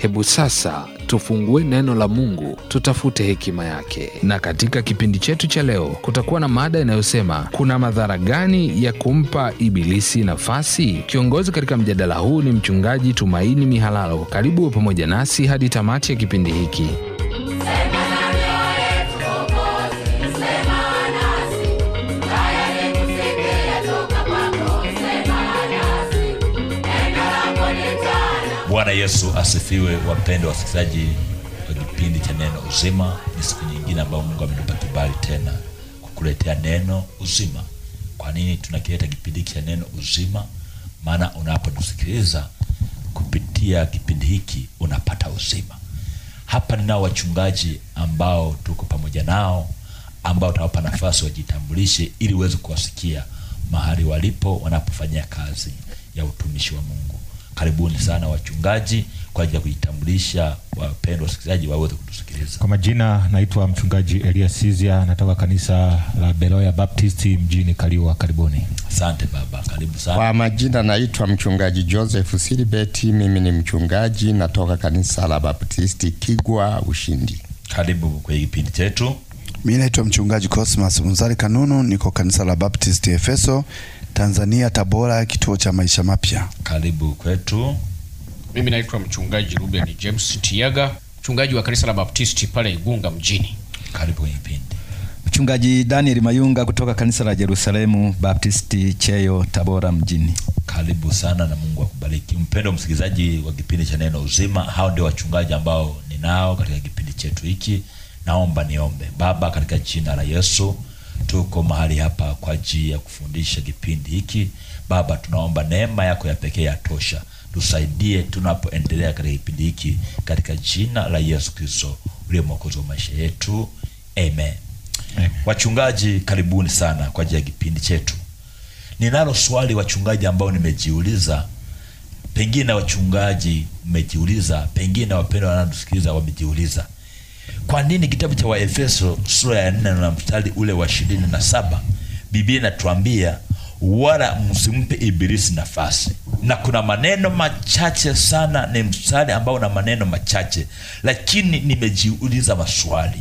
Hebu sasa tufungue neno la Mungu, tutafute hekima yake. Na katika kipindi chetu cha leo kutakuwa na mada inayosema kuna madhara gani ya kumpa ibilisi nafasi? Kiongozi katika mjadala huu ni mchungaji Tumaini Mihalalo. Karibu pamoja nasi hadi tamati ya kipindi hiki. Bwana Yesu asifiwe. Wapendwa wasikilizaji wa kipindi cha Neno Uzima, ni siku nyingine ambayo Mungu amenipa kibali tena kukuletea neno uzima. Kwa nini tunakileta kipindi cha neno uzima? Maana unapotusikiliza kupitia kipindi hiki unapata uzima. Hapa ninao wachungaji ambao tuko pamoja nao, ambao utawapa nafasi wajitambulishe, ili uweze kuwasikia mahali walipo wanapofanyia kazi ya utumishi wa Mungu. Karibuni sana wachungaji kwa ajili ya kujitambulisha, wapendwa wasikilizaji waweze kutusikiliza. Kwa majina, naitwa mchungaji Elia Sizia, natoka kanisa la Beloya Baptist mjini Kaliwa. Karibuni. Asante baba, karibu sana. Kwa majina, naitwa mchungaji Joseph Silibeti, mimi ni mchungaji, natoka kanisa la Baptisti Kigwa Ushindi. Karibu kwa kipindi chetu. Mimi naitwa mchungaji Cosmas Munzari Kanunu, niko kanisa la Baptist Efeso Tanzania, Tabora, kituo cha maisha mapya. Karibu kwetu. Mimi naitwa mchungaji Ruben James Tiaga, mchungaji wa kanisa la Baptisti pale Igunga mjini. Karibu kipindi. Mchungaji Daniel Mayunga kutoka kanisa la Jerusalemu Baptisti Cheyo, Tabora mjini. Karibu sana na Mungu akubariki. Mpendo msikilizaji wa kipindi cha Neno Uzima, hao ndio wachungaji ambao ninao katika kipindi chetu hiki. Naomba niombe. Baba, katika jina la Yesu tuko mahali hapa kwa ajili ya kufundisha kipindi hiki. Baba, tunaomba neema yako ya pekee ya tosha, tusaidie tunapoendelea katika kipindi hiki, katika jina la Yesu Kristo uliye mwokozi wa maisha yetu Amen. Amen. Wachungaji karibuni sana kwa ajili ya kipindi chetu. Ninalo swali wachungaji, ambao nimejiuliza, pengine wachungaji mmejiuliza, pengine wapendwa wanaotusikiliza wamejiuliza kwa nini kitabu cha Waefeso sura ya nne na mstari ule wa ishirini na saba Biblia inatuambia wala msimpe Ibilisi nafasi. Na kuna maneno machache sana, ni mstari ambao una maneno machache, lakini nimejiuliza maswali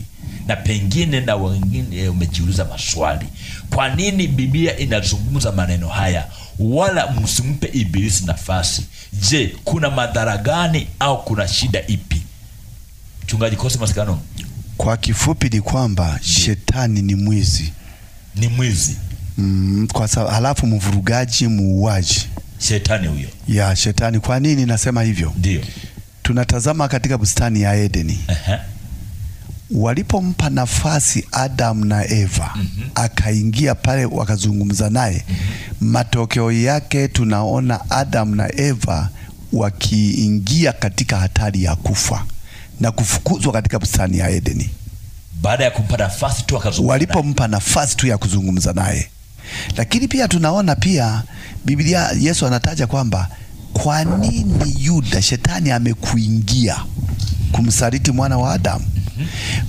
na pengine na wengine umejiuliza maswali, kwa nini Biblia inazungumza maneno haya, wala msimpe Ibilisi nafasi? Je, kuna madhara gani au kuna shida ipi? Mchungaji Cosmas Kano, kwa kifupi ni kwamba shetani ni mwizi, ni mwizi mm, kwa sababu halafu mvurugaji, muuaji, shetani huyo ya shetani. Kwa nini nasema hivyo? Ndio tunatazama katika bustani ya Edeni uh Walipompa nafasi Adamu na Eva mm -hmm. Akaingia pale wakazungumza naye mm -hmm. Matokeo yake tunaona Adamu na Eva wakiingia katika hatari ya kufa na kufukuzwa katika bustani ya Edeni. Baada ya kumpa nafasi tu akazungumza, walipompa nafasi tu ya kuzungumza naye. Lakini pia tunaona pia Biblia, Yesu anataja kwamba kwa nini Yuda shetani amekuingia kumsaliti mwana wa Adamu?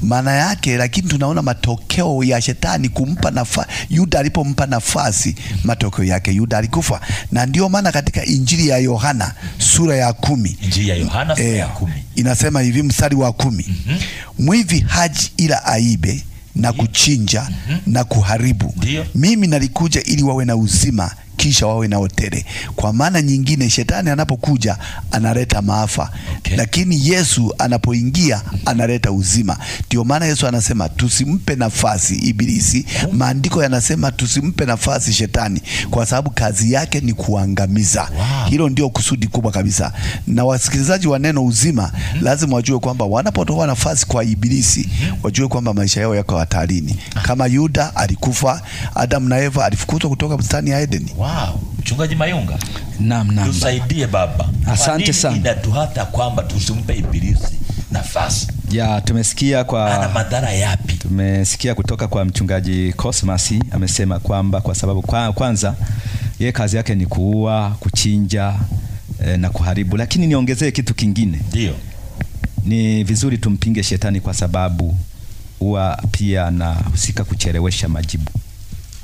maana yake. Lakini tunaona matokeo ya shetani kumpa nafasi Yuda, alipompa nafasi, matokeo yake Yuda alikufa. Na ndiyo maana katika Injili ya Yohana sura ya kumi, Injili ya Yohana sura ya eh, kumi inasema hivi mstari wa kumi mm -hmm. mwivi haji ila aibe na kuchinja mm -hmm. na kuharibu. Ndiyo. Mimi nalikuja ili wawe na uzima kisha wawe na utere. Kwa maana nyingine, shetani anapokuja analeta maafa okay. Lakini Yesu anapoingia analeta uzima. Ndio maana Yesu anasema tusimpe nafasi Ibilisi. Maandiko yanasema tusimpe nafasi shetani, kwa sababu kazi yake ni kuangamiza. Wow. Hilo ndio kusudi kubwa kabisa, na wasikilizaji wa neno uzima mm -hmm. lazima wajue kwamba wanapotoa nafasi kwa Ibilisi mm -hmm. wajue kwamba maisha yao yako hatarini, kama Yuda alikufa, Adamu na Eva alifukuzwa kutoka bustani ya Edeni. Wow. Wow. Mchungaji Mayunga, naam, naam, tusaidie baba. Asante sana. Inatuhata kwamba tusimpe ibilisi nafasi ya tumesikia kwa ana madhara yapi? Tumesikia kutoka kwa mchungaji Cosmas amesema kwamba kwa sababu kwa, kwanza ye kazi yake ni kuua, kuchinja e, na kuharibu, lakini niongezee kitu kingine. Ndio. Ni vizuri tumpinge shetani kwa sababu huwa pia anahusika kuchelewesha majibu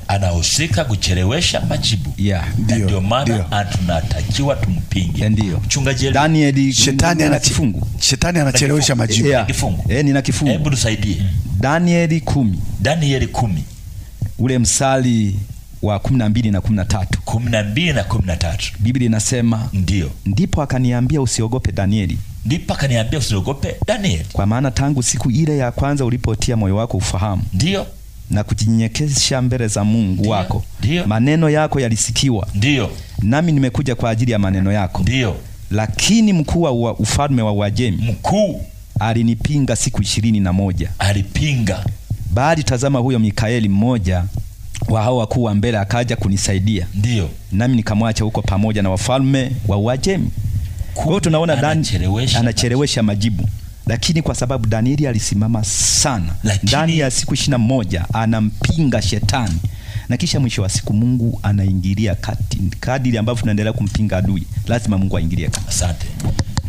anahusika kuchelewesha majibu yeah, ndio, ndio maana tunatakiwa tumpinge. Ndio mchungaji Daniel, shetani ana kifungu, shetani anachelewesha majibu yeah. Kifungu eh, nina kifungu, hebu tusaidie Danieli kumi, Danieli kumi ule msali wa 12 na 13. 12 na 13. Biblia inasema ndio. Ndipo akaniambia usiogope Danieli. Ndipo akaniambia usiogope Danieli. Kwa maana tangu siku ile ya kwanza ulipotia moyo wako ufahamu. Ndio na kujinyenyekesha mbele za Mungu Dio. wako Dio. maneno yako yalisikiwa Dio. nami nimekuja kwa ajili ya maneno yako Dio. lakini mkuu wa ufalme wa Uajemi mkuu alinipinga siku ishirini na moja alipinga bali tazama huyo Mikaeli mmoja wa hao wakuu wa mbele akaja kunisaidia Ndio. nami nikamwacha huko pamoja na wafalme wa Uajemi. Kwa hiyo tunaona Dani anachelewesha majibu lakini kwa sababu Danieli alisimama sana lakini... ndani ya siku ishirini na moja anampinga shetani na kisha mwisho wa siku Mungu anaingilia kati. Kadiri ambavyo tunaendelea kumpinga adui, lazima Mungu aingilie kati. Asante.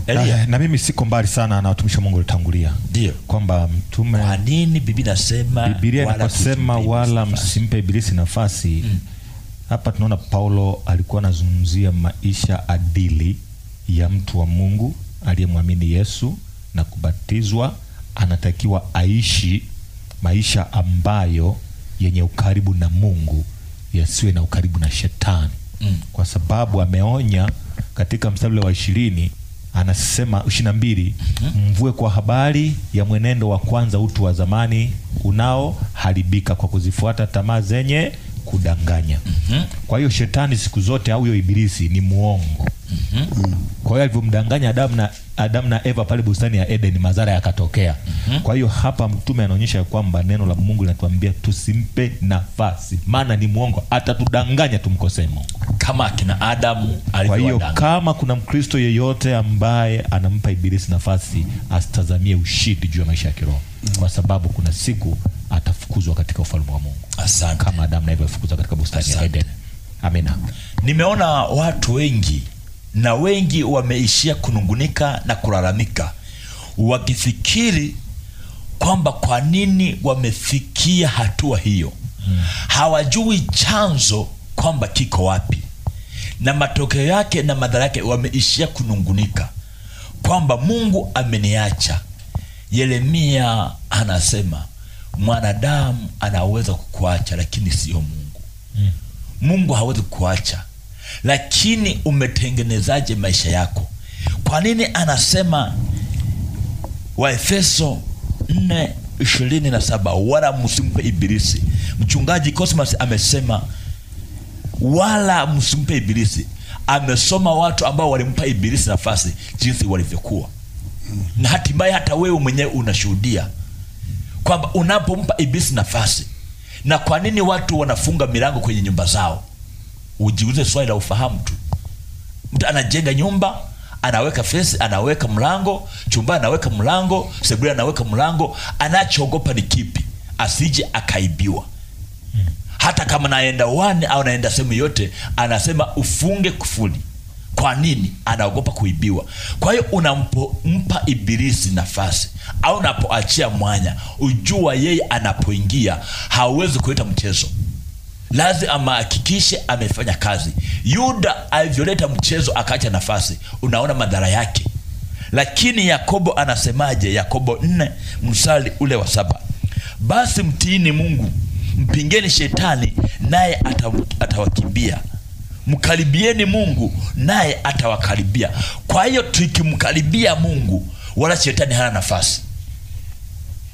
Eh, Elia. Na mimi siko mbali sana na watumishi wa Mungu litangulia Ndio. Kwamba mtume Kwa nini Biblia inasema Biblia inasema wala msimpe ibilisi nafasi. Hmm. Hapa mm. tunaona Paulo alikuwa anazungumzia maisha adili ya mtu wa Mungu aliyemwamini Yesu na kubatizwa, anatakiwa aishi maisha ambayo yenye ukaribu na Mungu, yasiwe na ukaribu na shetani mm. Kwa sababu ameonya katika mstari wa ishirini anasema ishirini na mbili mhm. mvue kwa habari ya mwenendo wa kwanza utu wa zamani unaoharibika kwa kuzifuata tamaa zenye kudanganya. mm -hmm. Kwa hiyo shetani siku zote au hiyo ibilisi ni muongo. Mhm. mm -hmm. Kwa hiyo alivyomdanganya Adamu na Adamu na Eva pale bustani ya Eden, madhara yakatokea. mm -hmm. Kwa hiyo hapa mtume anaonyesha kwamba neno la Mungu linatuambia tusimpe nafasi, maana ni mwongo, atatudanganya tumkosee Mungu kama akina Adamu. Kwa hiyo kama kuna Mkristo yeyote ambaye anampa Ibilisi nafasi, asitazamie ushindi juu ya maisha ya kiroho mm -hmm. kwa sababu kuna siku atafukuzwa katika ufalme wa Mungu. Asante. Kama Adamu na Eva alifukuzwa katika bustani ya Eden. Amina. Nimeona watu wengi na wengi wameishia kunungunika na kulalamika, wakifikiri kwamba kwa nini wamefikia hatua hiyo. Hmm. Hawajui chanzo kwamba kiko wapi, na matokeo yake na madhara yake wameishia kunungunika kwamba Mungu ameniacha. Yeremia anasema mwanadamu anaweza kukuacha, lakini sio Mungu. Hmm. Mungu hawezi kukuacha lakini umetengenezaje maisha yako? Kwa nini anasema Waefeso 4:27 wala msimpe Ibilisi. Mchungaji Cosmas amesema wala msimpe Ibilisi, amesoma watu ambao walimpa Ibilisi nafasi jinsi walivyokuwa na hatimaye hata wewe mwenyewe unashuhudia kwamba unapompa Ibilisi nafasi. Na kwa nini watu wanafunga milango kwenye nyumba zao? ujiulize swali la ufahamu tu. Mtu anajenga nyumba, anaweka fesi, anaweka mlango, chumba anaweka mlango, sebule, anaweka mlango, anachoogopa ni kipi? Asije akaibiwa. Hata kama naenda wani au naenda sehemu yote, anasema ufunge kufuli. Kwa nini? Anaogopa kuibiwa. Kwa hiyo unampa Ibilisi nafasi au unapoachia mwanya, ujua yeye anapoingia hauwezi kuleta mchezo lazima ahakikishe amefanya kazi. Yuda alivyoleta mchezo akaacha nafasi, unaona madhara yake. Lakini Yakobo anasemaje? Yakobo nne msali ule wa saba, basi mtiini Mungu, mpingeni shetani naye atawakimbia, mkaribieni Mungu naye atawakaribia. Kwa hiyo tukimkaribia Mungu, wala shetani hana nafasi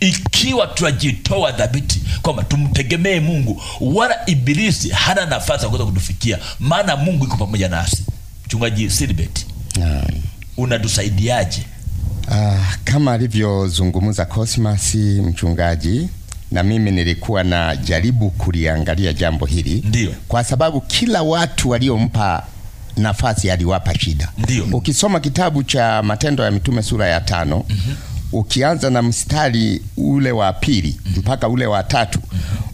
ikiwa tunajitoa dhabiti kwamba tumtegemee Mungu, wala Ibilisi hana nafasi ya kuweza kutufikia, maana Mungu iko pamoja nasi. Mchungaji Silbert, unatusaidiaje? Uh, kama alivyozungumza Cosmas mchungaji, na mimi nilikuwa na jaribu kuliangalia jambo hili. Ndiyo. Kwa sababu kila watu waliompa nafasi aliwapa shida. Ndiyo. Ukisoma kitabu cha Matendo ya Mitume sura ya tano mm -hmm ukianza na mstari ule wa pili mpaka ule wa tatu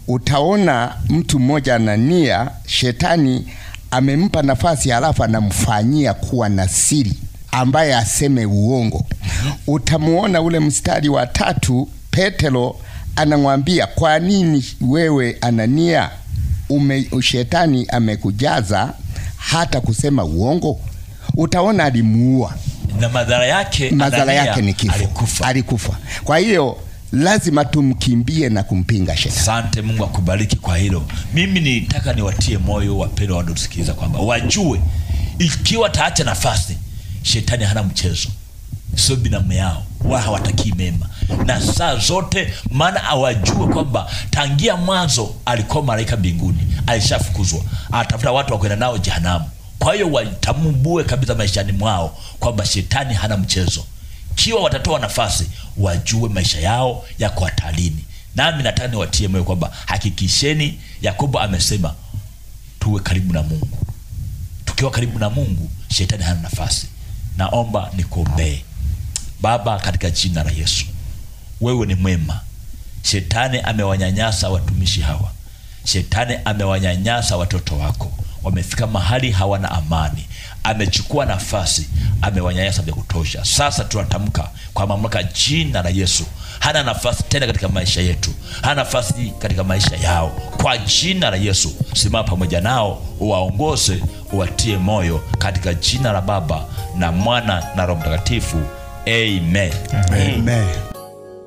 utaona mtu mmoja Anania, shetani amempa nafasi, halafu anamfanyia kuwa na siri ambaye aseme uongo. Utamuona ule mstari wa tatu, Petero anamwambia kwa nini wewe Anania ume, shetani amekujaza hata kusema uongo? Utaona alimuua na madhara yake, madhara yake ni kifo. Alikufa, alikufa. Kwa hiyo lazima tumkimbie na kumpinga shetani. Asante, Mungu akubariki kwa hilo. Mimi nitaka niwatie moyo wapendwa wanaotusikiliza kwamba wajue ikiwa taacha nafasi, shetani hana mchezo, sio binamu yao, wala hawatakii mema na saa zote, maana awajue kwamba tangia mwanzo alikuwa malaika mbinguni, alishafukuzwa, atafuta watu wa kwenda nao jehanamu. Kwa hiyo watambue kabisa maishani mwao kwamba shetani hana mchezo. Kiwa watatoa nafasi, wajue maisha yao yako hatarini. Nami nataka niwatie moyo kwamba hakikisheni, Yakobo amesema tuwe karibu na Mungu. Tukiwa karibu na Mungu, shetani hana nafasi. Naomba nikuombee. Baba, katika jina la Yesu, wewe ni mwema. Shetani amewanyanyasa watumishi hawa, shetani amewanyanyasa watoto wako wamefika mahali hawana amani, amechukua nafasi, amewanyanyasa vya kutosha. Sasa tunatamka kwa mamlaka, jina la Yesu, hana nafasi tena katika maisha yetu, hana nafasi katika maisha yao. Kwa jina la Yesu, simama pamoja nao, uwaongoze, uwatie moyo, katika jina la Baba na Mwana na Roho Mtakatifu. Amen, amen. amen.